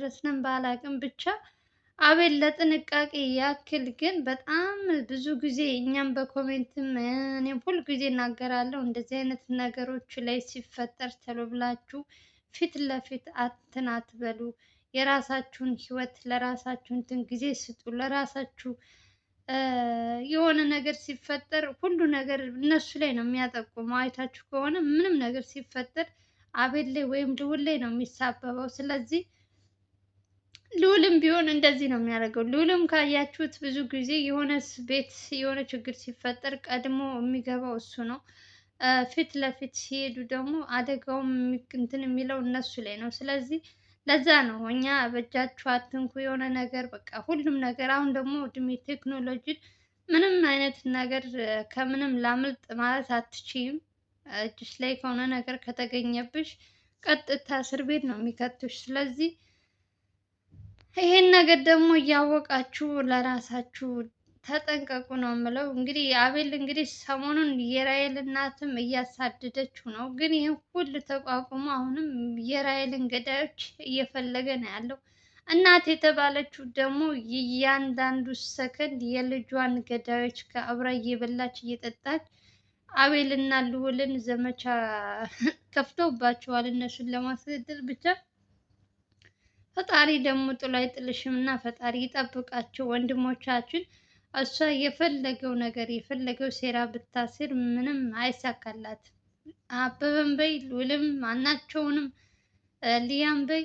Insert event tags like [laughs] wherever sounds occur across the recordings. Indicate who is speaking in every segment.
Speaker 1: ደረስንም ባላቅም ብቻ አቤል ለጥንቃቄ ያክል ግን በጣም ብዙ ጊዜ እኛም በኮሜንትም እኔም ሁል ጊዜ እናገራለሁ። እንደዚህ አይነት ነገሮች ላይ ሲፈጠር ቶሎ ብላችሁ ፊት ለፊት አትን አትበሉ። የራሳችሁን ህይወት ለራሳችሁ እንትን ጊዜ ስጡ። ለራሳችሁ የሆነ ነገር ሲፈጠር ሁሉ ነገር እነሱ ላይ ነው የሚያጠቁመው። አይታችሁ ከሆነ ምንም ነገር ሲፈጠር አቤል ላይ ወይም ልዑል ላይ ነው የሚሳበበው። ስለዚህ ልዑልም ቢሆን እንደዚህ ነው የሚያደርገው። ልዑልም ካያችሁት ብዙ ጊዜ የሆነ ቤት የሆነ ችግር ሲፈጠር ቀድሞ የሚገባው እሱ ነው። ፊት ለፊት ሲሄዱ ደግሞ አደጋውም እንትን የሚለው እነሱ ላይ ነው። ስለዚህ ለዛ ነው እኛ በእጃችሁ አትንኩ የሆነ ነገር በቃ ሁሉም ነገር። አሁን ደግሞ እድሜ ቴክኖሎጂን ምንም አይነት ነገር ከምንም ላምልጥ ማለት አትችይም። እጅሽ ላይ ከሆነ ነገር ከተገኘብሽ ቀጥታ እስር ቤት ነው የሚከቱሽ። ስለዚህ ይሄን ነገር ደግሞ እያወቃችሁ ለራሳችሁ ተጠንቀቁ ነው የምለው። እንግዲህ አቤል እንግዲህ ሰሞኑን የራይል እናትም እያሳደደችው ነው፣ ግን ይህን ሁሉ ተቋቁሞ አሁንም የራይልን ገዳዮች እየፈለገ ነው ያለው። እናት የተባለችው ደግሞ እያንዳንዱ ሰከንድ የልጇን ገዳዮች ከአብራ እየበላች እየጠጣች አቤልና ልውልን ዘመቻ [laughs] ከፍቶባቸዋል እነሱን ለማስገደል ብቻ ፈጣሪ ደግሞ ጥሎ አይጥልሽም እና ፈጣሪ ይጠብቃቸው ወንድሞቻችን። እሷ የፈለገው ነገር የፈለገው ሴራ ብታስር ምንም አይሳካላት አበበን በይ ውልም ማናቸውንም ሊያም በይ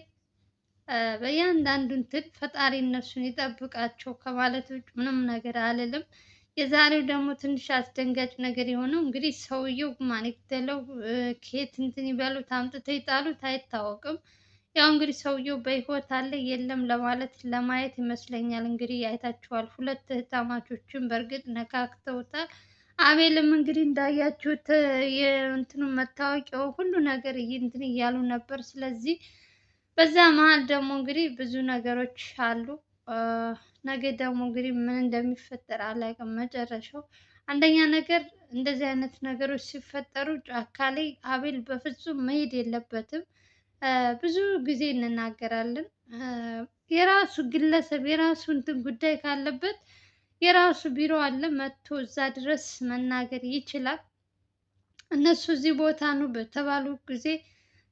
Speaker 1: በእያንዳንዱ እንትን ፈጣሪ እነሱን ይጠብቃቸው ከማለት ውጭ ምንም ነገር አልልም። የዛሬው ደግሞ ትንሽ አስደንጋጭ ነገር የሆነው እንግዲህ ሰውየው ማን ይግደለው፣ ከየት እንትን ይበሉት፣ አምጥተው ይጣሉት አይታወቅም። ያው እንግዲህ ሰውየው በህይወት አለ የለም ለማለት ለማየት ይመስለኛል። እንግዲህ አይታችኋል። ሁለት ህታማቾችን በእርግጥ ነካክተውታል። አቤልም እንግዲህ እንዳያችሁት የእንትኑ መታወቂያው ሁሉ ነገር እንትን እያሉ ነበር። ስለዚህ በዛ መሀል ደግሞ እንግዲህ ብዙ ነገሮች አሉ። ነገ ደግሞ እንግዲህ ምን እንደሚፈጠር አላውቅም መጨረሻው። አንደኛ ነገር እንደዚህ አይነት ነገሮች ሲፈጠሩ ጫካ ላይ አቤል በፍጹም መሄድ የለበትም። ብዙ ጊዜ እንናገራለን። የራሱ ግለሰብ የራሱ እንትን ጉዳይ ካለበት የራሱ ቢሮ አለ፣ መጥቶ እዛ ድረስ መናገር ይችላል። እነሱ እዚህ ቦታ ነው በተባሉ ጊዜ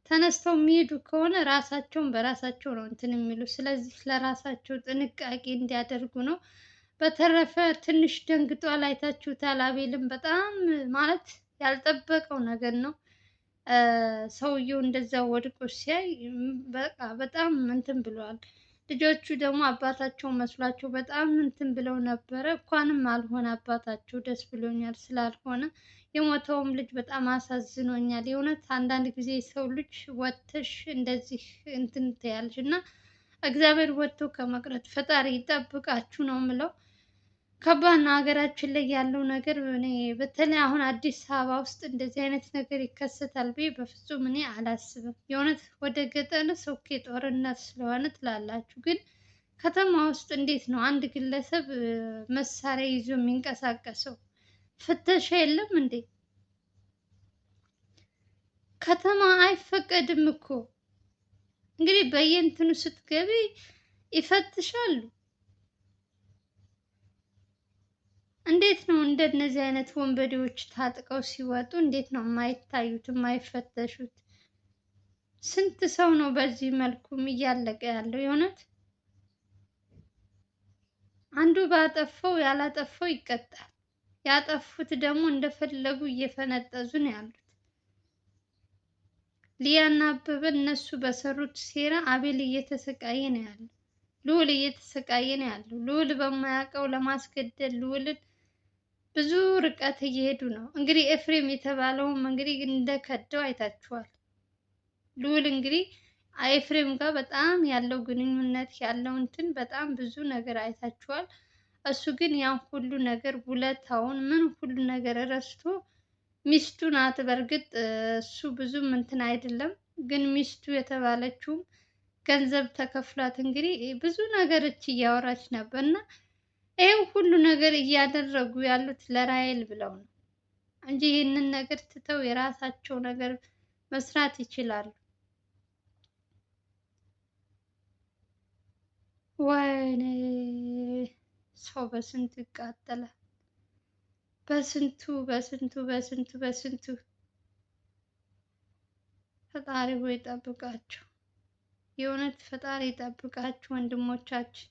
Speaker 1: ተነስተው የሚሄዱ ከሆነ ራሳቸውን በራሳቸው ነው እንትን የሚሉ። ስለዚህ ለራሳቸው ጥንቃቄ እንዲያደርጉ ነው። በተረፈ ትንሽ ደንግጧል፣ አይታችሁታል። አቤልም በጣም ማለት ያልጠበቀው ነገር ነው። ሰውየው እንደዛ ወድቆ ሲያይ በቃ በጣም እንትን ብለዋል። ልጆቹ ደግሞ አባታቸው መስሏቸው በጣም እንትን ብለው ነበረ። እንኳንም አልሆነ አባታቸው፣ ደስ ብሎኛል ስላልሆነ። የሞተውም ልጅ በጣም አሳዝኖኛል። የእውነት አንዳንድ ጊዜ ሰው ልጅ ወጥተሽ እንደዚህ እንትን ትያለሽ እና እግዚአብሔር ወጥቶ ከመቅረት ፈጣሪ ይጠብቃችሁ ነው ምለው። ከባድ ነው። ሀገራችን ላይ ያለው ነገር እኔ በተለይ አሁን አዲስ አበባ ውስጥ እንደዚህ አይነት ነገር ይከሰታል ብዬ በፍጹም እኔ አላስብም። የእውነት ወደ ገጠር ሰውኬ ጦርነት ስለሆነ ትላላችሁ፣ ግን ከተማ ውስጥ እንዴት ነው አንድ ግለሰብ መሳሪያ ይዞ የሚንቀሳቀሰው? ፍተሻ የለም እንዴ? ከተማ አይፈቀድም እኮ እንግዲህ በየእንትኑ ስትገቢ ይፈትሻሉ። እንዴት ነው እንደነዚህ አይነት ወንበዴዎች ታጥቀው ሲወጡ እንዴት ነው የማይታዩት የማይፈተሹት? ስንት ሰው ነው በዚህ መልኩም እያለቀ ያለው? የእውነት አንዱ ባጠፋው ያላጠፋው ይቀጣል። ያጠፉት ደግሞ እንደፈለጉ እየፈነጠዙ ነው ያሉት። ሊያና አበበ እነሱ በሰሩት ሴራ አቤል እየተሰቃየ ነው ያለው። ልዑል እየተሰቃየ ነው ያለው። ልዑል በማያውቀው ለማስገደል ልዑልን ብዙ ርቀት እየሄዱ ነው። እንግዲህ ኤፍሬም የተባለውም እንግዲህ እንደከደው አይታችኋል። ልዑል እንግዲህ ኤፍሬም ጋር በጣም ያለው ግንኙነት ያለው እንትን በጣም ብዙ ነገር አይታችኋል። እሱ ግን ያን ሁሉ ነገር ውለታውን ምን ሁሉ ነገር ረስቶ ሚስቱ ናት። በእርግጥ እሱ ብዙም እንትን አይደለም፣ ግን ሚስቱ የተባለችውም ገንዘብ ተከፍሏት እንግዲህ ብዙ ነገሮች እያወራች ነበር እና ይህ ሁሉ ነገር እያደረጉ ያሉት ለራሔል ብለው ነው እንጂ ይህንን ነገር ትተው የራሳቸው ነገር መስራት ይችላሉ። ወይኔ ሰው በስንቱ ይቃጠላል። በስንቱ በስንቱ በስንቱ በስንቱ ፈጣሪ ሆይ ይጠብቃችሁ። የእውነት ፈጣሪ ይጠብቃችሁ ወንድሞቻችን።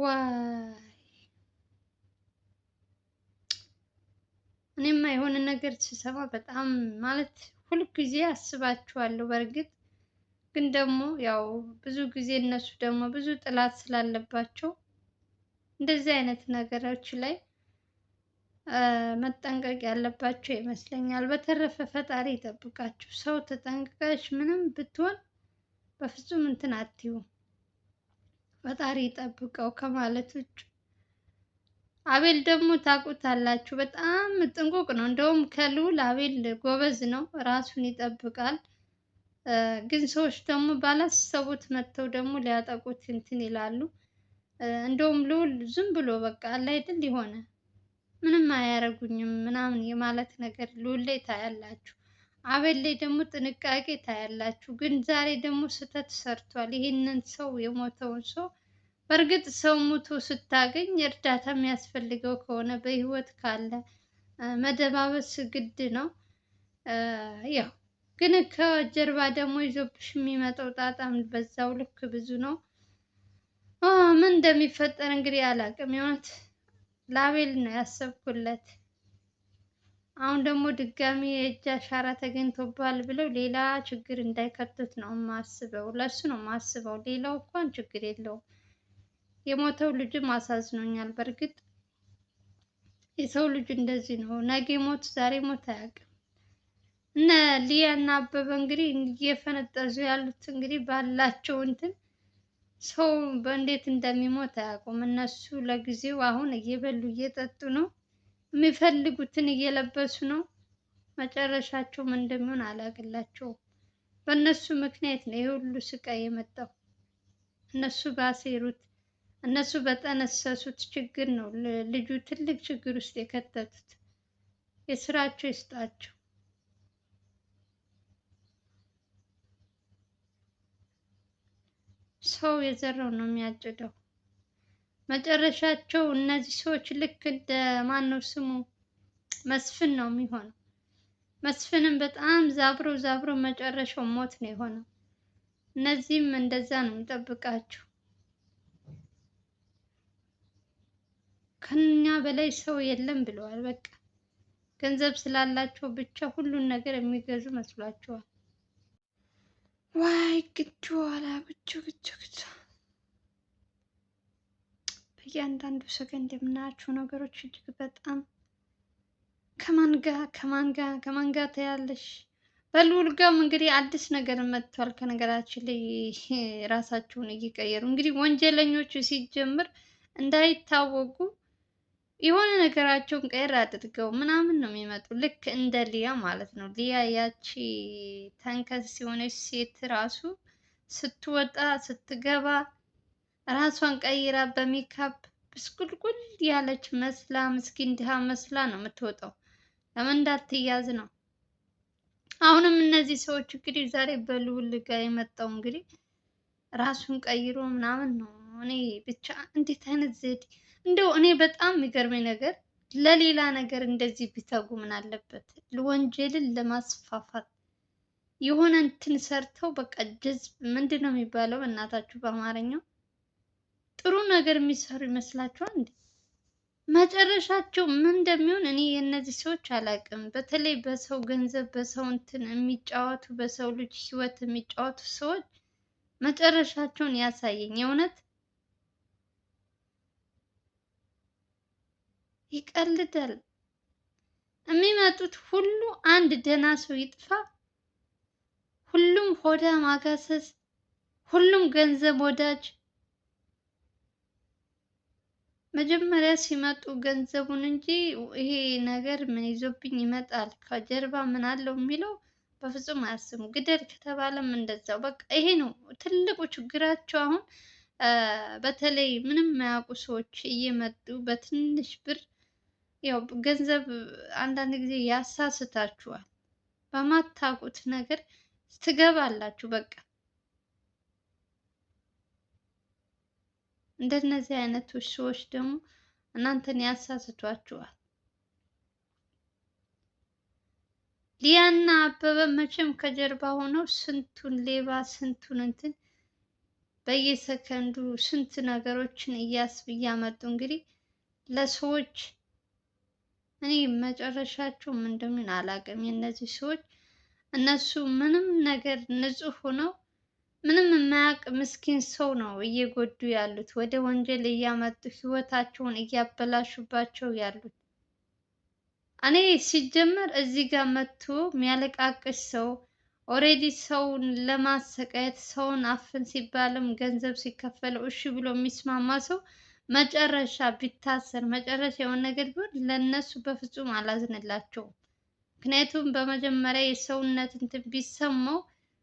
Speaker 1: ዋይ እኔማ የሆነ ነገር ስሰማ በጣም ማለት ሁል ጊዜ አስባችኋለሁ። በእርግጥ ግን ደግሞ ያው ብዙ ጊዜ እነሱ ደግሞ ብዙ ጥላት ስላለባቸው እንደዚህ አይነት ነገሮች ላይ መጠንቀቅ ያለባቸው ይመስለኛል። በተረፈ ፈጣሪ ይጠብቃችሁ። ሰው ተጠንቅቀሽ ምንም ብትሆን በፍጹም እንትን አትዩም። ፈጣሪ ጠብቀው ከማለት ውጭ አቤል ደግሞ ታውቁታላችሁ፣ በጣም ጥንቁቅ ነው። እንደውም ከልዑል አቤል ጎበዝ ነው፣ ራሱን ይጠብቃል። ግን ሰዎች ደግሞ ባላሰቡት መጥተው ደግሞ ሊያጠቁት እንትን ይላሉ። እንደውም ልዑል ዝም ብሎ በቃ አለ አይደል የሆነ ምንም አያረጉኝም ምናምን የማለት ነገር ልዑል ላይ ታያላችሁ። አበል ላይ ደግሞ ጥንቃቄ ታያላችሁ። ግን ዛሬ ደግሞ ስህተት ሰርቷል። ይህንን ሰው የሞተውን ሰው በእርግጥ ሰው ሙቶ ስታገኝ እርዳታ የሚያስፈልገው ከሆነ በህይወት ካለ መደባበስ ግድ ነው። ያው ግን ከጀርባ ደግሞ ይዞብሽ የሚመጣው ጣጣም በዛው ልክ ብዙ ነው። ምን እንደሚፈጠር እንግዲህ አላውቅም። የሆነት ላቤል ነው ያሰብኩለት። አሁን ደግሞ ድጋሚ የእጅ አሻራ ተገኝቶባል ብለው ሌላ ችግር እንዳይከቱት ነው ማስበው። ለሱ ነው ማስበው። ሌላው እንኳን ችግር የለውም። የሞተው ልጅም አሳዝኖኛል። በእርግጥ የሰው ልጅ እንደዚህ ነው። ነገ ሞት ዛሬ ሞት አያውቅም። እነ ሊያ እና አበበ እንግዲህ እየፈነጠዙ ያሉት እንግዲህ ባላቸው እንትን ሰው በእንዴት እንደሚሞት አያውቁም። እነሱ ለጊዜው አሁን እየበሉ እየጠጡ ነው የሚፈልጉትን እየለበሱ ነው። መጨረሻቸው ምን እንደሚሆን አላቅላቸውም። በእነሱ ምክንያት ነው ይህ ሁሉ ስቃይ የመጣው። እነሱ ባሴሩት እነሱ በጠነሰሱት ችግር ነው ልጁ ትልቅ ችግር ውስጥ የከተቱት። የስራቸው ይስጣቸው። ሰው የዘራው ነው የሚያጭደው። መጨረሻቸው እነዚህ ሰዎች ልክ እንደ ማን ነው ስሙ መስፍን ነው የሚሆነው። መስፍንም በጣም ዛብሮ ዛብሮ መጨረሻው ሞት ነው የሆነው። እነዚህም እንደዛ ነው የሚጠብቃቸው። ከኛ በላይ ሰው የለም ብለዋል። በቃ ገንዘብ ስላላቸው ብቻ ሁሉን ነገር የሚገዙ መስሏቸዋል። ዋይ ግጁ አላ ብቹ ግቹ ግቹ እያንዳንዱ ሰከንድ የምናያቸው ነገሮች እጅግ በጣም ከማን ጋ ከማን ጋ ከማን ጋ ታያለሽ። በልዑል ጋም እንግዲህ አዲስ ነገር መጥቷል። ከነገራችን ላይ [laughs] ራሳቸውን እየቀየሩ እንግዲህ ወንጀለኞቹ ሲጀምር እንዳይታወቁ የሆነ ነገራቸውን ቀየር አድርገው ምናምን ነው የሚመጡ። ልክ እንደ ሊያ ማለት ነው። ሊያ ያቺ ተንከስ የሆነች ሴት ራሱ ስትወጣ ስትገባ ራሷን ቀይራ በሜካፕ ብስቁልቁል ያለች መስላ ምስኪን ድሃ መስላ ነው የምትወጣው። ለምን እንዳትያዝ ነው። አሁንም እነዚህ ሰዎች እንግዲህ ዛሬ በልውል ጋ የመጣው እንግዲህ ራሱን ቀይሮ ምናምን ነው። እኔ ብቻ እንዴት አይነት ዘዴ እንደው እኔ በጣም የሚገርመኝ ነገር ለሌላ ነገር እንደዚህ ቢተጉ ምን አለበት? ወንጀልን ለማስፋፋት የሆነ እንትን ሰርተው በቃ ጀዝብ ምንድን ነው የሚባለው? በእናታችሁ በአማርኛው ጥሩ ነገር የሚሰሩ ይመስላችኋል እንዴ? መጨረሻቸው ምን እንደሚሆን እኔ የእነዚህ ሰዎች አላውቅም። በተለይ በሰው ገንዘብ በሰው እንትን የሚጫወቱ በሰው ልጅ ህይወት የሚጫወቱ ሰዎች መጨረሻቸውን ያሳየኝ። የእውነት ይቀልዳል። የሚመጡት ሁሉ አንድ ደህና ሰው ይጥፋ፣ ሁሉም ሆዳ ማጋሰስ፣ ሁሉም ገንዘብ ወዳጅ መጀመሪያ ሲመጡ ገንዘቡን እንጂ ይሄ ነገር ምን ይዞብኝ ይመጣል ከጀርባ ምን አለው የሚለው በፍጹም አያስቡ። ግደል ከተባለም እንደዛው በቃ ይሄ ነው ትልቁ ችግራቸው። አሁን በተለይ ምንም የማያውቁ ሰዎች እየመጡ በትንሽ ብር ያው ገንዘብ አንዳንድ ጊዜ ያሳስታችኋል። በማታውቁት ነገር ትገባላችሁ በቃ እንደነዚህ አይነት ውሾች ደግሞ እናንተን ያሳስቷችኋል። ሊያና አበበ መቼም ከጀርባ ሆነው ስንቱን ሌባ ስንቱን እንትን በየሰከንዱ ስንት ነገሮችን እያስብ እያመጡ እንግዲህ ለሰዎች እኔ መጨረሻቸው ምን እንደሚሆን አላውቅም። የእነዚህ ሰዎች እነሱ ምንም ነገር ንጹህ ሆነው ምንም የማያውቅ ምስኪን ሰው ነው እየጎዱ ያሉት፣ ወደ ወንጀል እያመጡ ህይወታቸውን እያበላሹባቸው ያሉት። እኔ ሲጀመር እዚህ ጋር መጥቶ የሚያለቃቅስ ሰው ኦሬዲ ሰውን ለማሰቃየት ሰውን አፍን ሲባልም ገንዘብ ሲከፈለው እሺ ብሎ የሚስማማ ሰው መጨረሻ ቢታሰር መጨረሻ የሆነ ነገር ቢሆን ለእነሱ በፍጹም አላዝንላቸውም። ምክንያቱም በመጀመሪያ የሰውነት እንትን ቢሰማው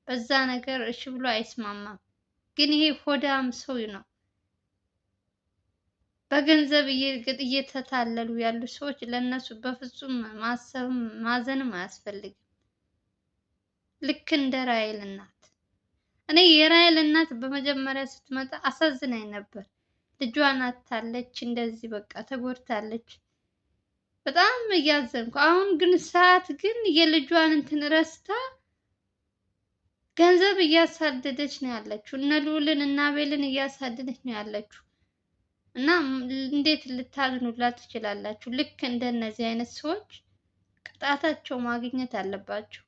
Speaker 1: በዛ ነገር እሺ ብሎ አይስማማም። ግን ይሄ ሆዳም ሰው ነው። በገንዘብ እየተታለሉ ያሉ ሰዎች ለእነሱ በፍጹም ማሰብም ማዘንም አያስፈልግም። ልክ እንደ ራይል እናት እኔ የራይል እናት በመጀመሪያ ስትመጣ አሳዝናኝ ነበር። ልጇን አታለች፣ እንደዚህ በቃ ተጎድታለች። በጣም እያዘንኩ አሁን ግን ሰዓት ግን የልጇን እንትን ረስታ ገንዘብ እያሳደደች ነው ያለችው። እነ ልዑልን እና አቤልን እያሳደደች ነው ያለችው እና እንዴት ልታዝኑላት ትችላላችሁ? ልክ እንደነዚህ አይነት ሰዎች ቅጣታቸው ማግኘት አለባቸው።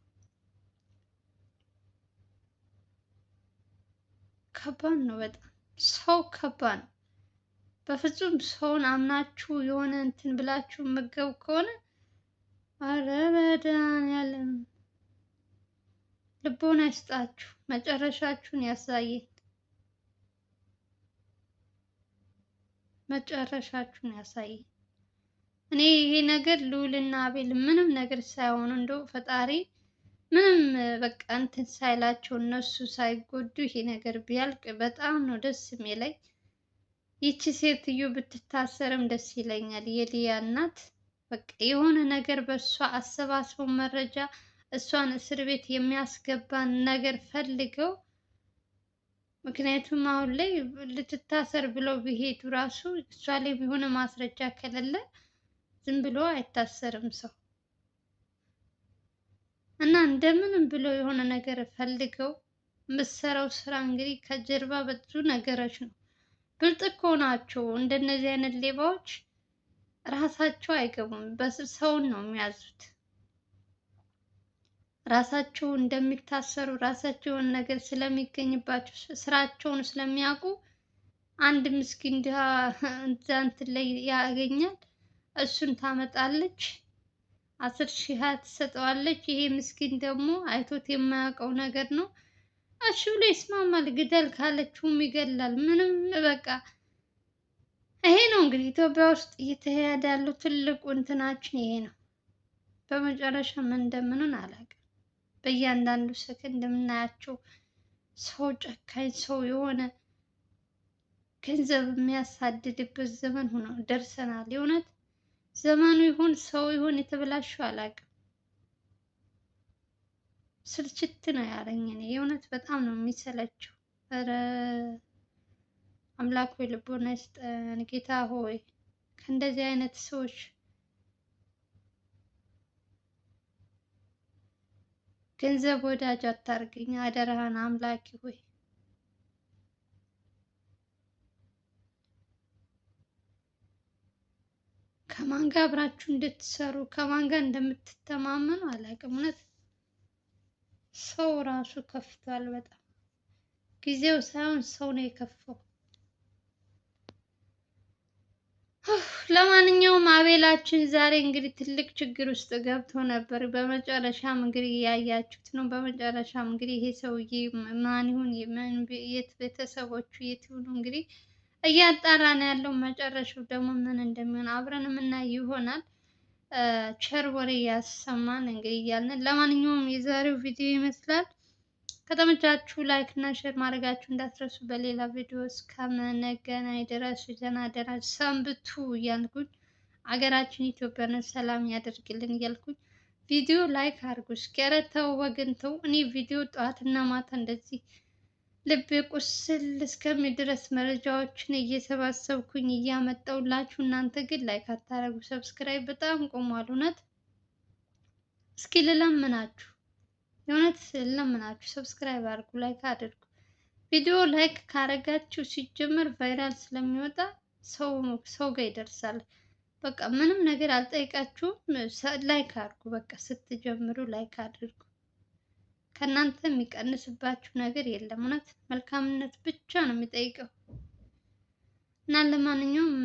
Speaker 1: ከባድ ነው በጣም ሰው ከባድ ነው። በፍጹም ሰውን አምናችሁ የሆነ እንትን ብላችሁ መገብ ከሆነ አረ በዳን ልቦና ይስጣችሁ፣ መጨረሻችሁን ያሳየን። መጨረሻችሁን ያሳየን። እኔ ይሄ ነገር ልዑልና አቤል ምንም ነገር ሳይሆኑ እንደው ፈጣሪ ምንም በቃ እንትን ሳይላቸው እነሱ ሳይጎዱ ይሄ ነገር ቢያልቅ በጣም ነው ደስ የሚለኝ። ይቺ ሴትዮ ብትታሰርም ደስ ይለኛል። የሊያ እናት በቃ የሆነ ነገር በእሷ አሰባስበው መረጃ እሷን እስር ቤት የሚያስገባን ነገር ፈልገው ምክንያቱም አሁን ላይ ልትታሰር ብለው ቢሄዱ ራሱ እሷ ላይ የሆነ ማስረጃ ከሌለ ዝም ብሎ አይታሰርም ሰው እና እንደምንም ብሎ የሆነ ነገር ፈልገው የምትሰራው ስራ እንግዲህ ከጀርባ ብዙ ነገሮች ነው። ብልጥ እኮ ናቸው እንደነዚህ አይነት ሌባዎች ራሳቸው አይገቡም። በሰውን ነው የሚያዙት። ራሳቸው እንደሚታሰሩ ራሳቸው ነገር ስለሚገኝባቸው ስራቸውን ስለሚያውቁ አንድ ምስኪን ድሃ እንትን ላይ ያገኛል። እሱን ታመጣለች፣ አስር ሺህ ሀያ ትሰጠዋለች። ይሄ ምስኪን ደግሞ አይቶት የማያውቀው ነገር ነው። እሺ ብሎ ይስማማል። ግደል ካለችውም ይገላል። ምንም በቃ ይሄ ነው እንግዲህ ኢትዮጵያ ውስጥ እየተካሄደ ያለው ትልቁ እንትናችን ይሄ ነው። በመጨረሻ ምን እንደምንሆን አላውቅም። በእያንዳንዱ ሰከንድ የምናያቸው ሰው ጨካኝ ሰው የሆነ ገንዘብ የሚያሳድድበት ዘመን ሆኖ ደርሰናል። የእውነት ዘመኑ ይሁን ሰው ይሁን የተበላሸው አላውቅም። ስልችት ነው ያለኝ እኔ የእውነት በጣም ነው የሚሰለችው። ኧረ አምላክ ሆይ ልቦና ይስጠን። ጌታ ሆይ ከእንደዚህ አይነት ሰዎች ገንዘብ ወዳጅ አታርገኝ፣ አደራህን አምላኪ ሆይ። ከማን ጋር አብራችሁ እንድትሰሩ ከማን ጋር እንደምትተማመኑ አላውቅም። እውነት ሰው ራሱ ከፍቷል በጣም ጊዜው ሳይሆን ሰው ነው የከፋው። ለማንኛውም አቤላችን ዛሬ እንግዲህ ትልቅ ችግር ውስጥ ገብቶ ነበር። በመጨረሻም እንግዲህ እያያችሁት ነው። በመጨረሻም እንግዲህ ይሄ ሰውዬ ማን ይሁን የት ቤተሰቦቹ የት ይሁኑ እንግዲህ እያጣራ ነው ያለው። መጨረሻው ደግሞ ምን እንደሚሆን አብረን የምናይ ይሆናል። ቸር ወሬ ያሰማን እንግዲህ እያልን ለማንኛውም የዛሬው ቪዲዮ ይመስላል። ከተመቻችሁ ላይክ እና ሼር ማድረጋችሁ እንዳትረሱ። በሌላ ቪዲዮ እስከምንገናኝ ድረስ ደህና ደህና ሰንብቱ እያልኩኝ አገራችን ኢትዮጵያን ሰላም ያደርግልን እያልኩኝ ቪዲዮ ላይክ አድርጉ። እስኪ ኧረ ተው ወገን ተው። እኔ ቪዲዮ ጠዋትና ማታ እንደዚህ ልቤ ቁስል እስከሚ ድረስ መረጃዎችን እየሰባሰብኩኝ እያመጣሁላችሁ እናንተ ግን ላይክ አታረጉ። ሰብስክራይብ በጣም ቆሟል። እውነት እስኪ ልለምናችሁ የእውነት ለምናችሁ ሰብስክራይብ አድርጉ፣ ላይክ አድርጉ። ቪዲዮ ላይክ ካረጋችሁ ሲጀመር ቫይራል ስለሚወጣ ሰው ሰው ጋር ይደርሳል። በቃ ምንም ነገር አልጠይቃችሁም። ላይክ አድርጉ። በቃ ስትጀምሩ ላይክ አድርጉ። ከእናንተ የሚቀንስባችሁ ነገር የለም። እውነት መልካምነት ብቻ ነው የሚጠይቀው። እና ለማንኛውም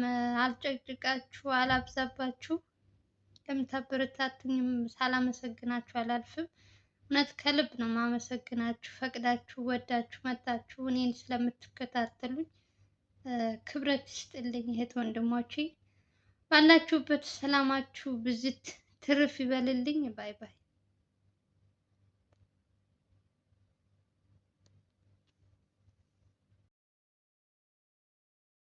Speaker 1: አልጨቅጭቃችሁ፣ አላብዛባችሁ። ለምታበረታቱኝም ሳላመሰግናችሁ አላልፍም። እውነት ከልብ ነው ማመሰግናችሁ። ፈቅዳችሁ ወዳችሁ መታችሁ እኔን ስለምትከታተሉኝ ክብረት ይስጥልኝ እህት ወንድሞቼ። ባላችሁበት ሰላማችሁ ብዝት ትርፍ ይበልልኝ። ባይ ባይ።